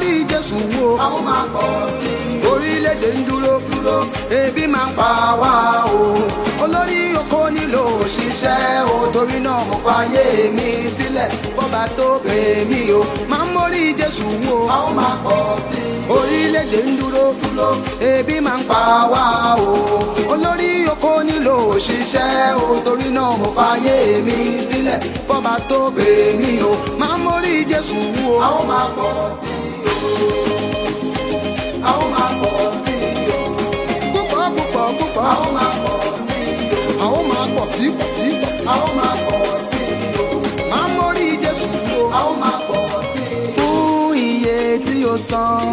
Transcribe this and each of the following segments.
rí Jésù wo. àwọn máa pọ̀ sí i. orílẹ̀-èdè ń dúró. dúró. ebi máa ń pa wá. mo fàyè mi sílẹ̀ bọ́ba tó pè mí o máa ń mórí Jésù wo. a ó máa pọ̀ sí i. orílẹ̀-èdè ń dúró dúró ebi máa ń pa wá o. olórí oko nílò òṣìṣẹ́ o torí náà mo fàyè mi sílẹ̀ bọ́ba tó pè mí o máa mórí Jésù wo. a ó máa pọ̀ sí i a ó máa pọ̀ sí i púpọ̀ púpọ̀ púpọ̀. a ó máa. tí o san.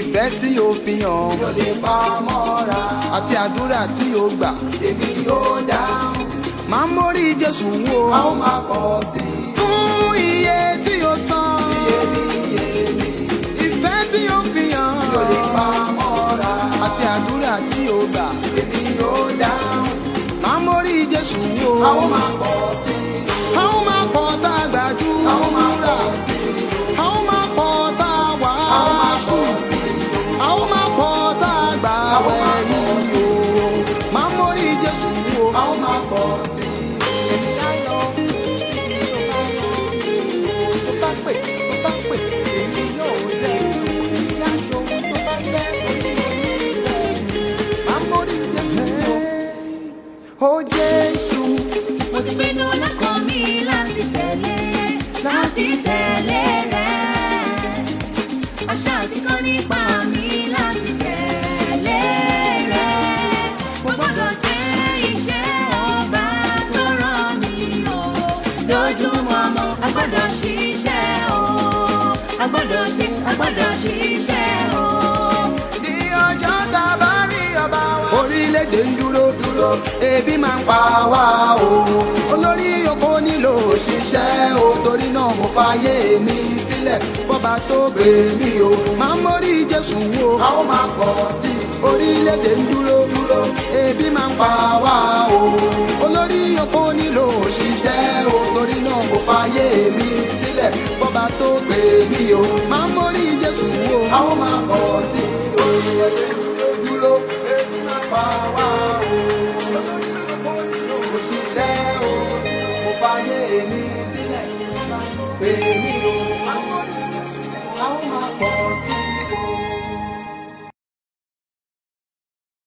Ìfẹ́ tí o fi hàn. Yóò lè pa mọ́ra. Àti àdúrà tí o gbà. Èmi yóò dáhùn. Màá mórí Jésù wò. A ó máa pọ̀ sí i. Fún iye tí o san. Ìfẹ́ tí o fi hàn. Yóò lè pa mọ́ra. Àti àdúrà tí o gbà. Èmi yóò dáhùn. Màá mórí Jésù wò. A ó máa pọ̀ sí A ó máa pọ̀ tá a gbàdúrà. A ó máa. ó oh, Jésù. mo ti pinnu lọ́kàn mi láti tẹ̀lé láti tẹ̀lé rẹ àṣà àti kan nípa mi láti tẹ̀lé rẹ mo gbọ́dọ̀ jẹ́ iṣẹ́ ọba tó rán mi o lójúmọmọ a gbọ́dọ̀ ṣiṣẹ́ o a gbọ́dọ̀ ṣe a gbọ́dọ̀ ṣiṣẹ́ o. di ọjọ́ tá a bá rí ọba wa. orílẹ̀-èdè ń dúró ebi máa ń pa wá o olórí oko nílò òṣìṣẹ́ o torí náà mo fààyè mi sílẹ̀ fọba tó gbé mi o máa ń mórí Jésù wo a ó máa pọ̀ sí i orílẹ̀-èdè ń dúró dúró ebi máa ń pa wá o olórí oko nílò òṣìṣẹ́ o torí náà mo fààyè mi sílẹ̀ fọba tó gbé mi o máa ń mórí Jésù wo a ó máa pọ̀ sí i orílẹ̀-èdè ń dúró. ṣe o mo fàyè mi sílẹ̀ pèmí o àwọn máa pọ̀ sí i.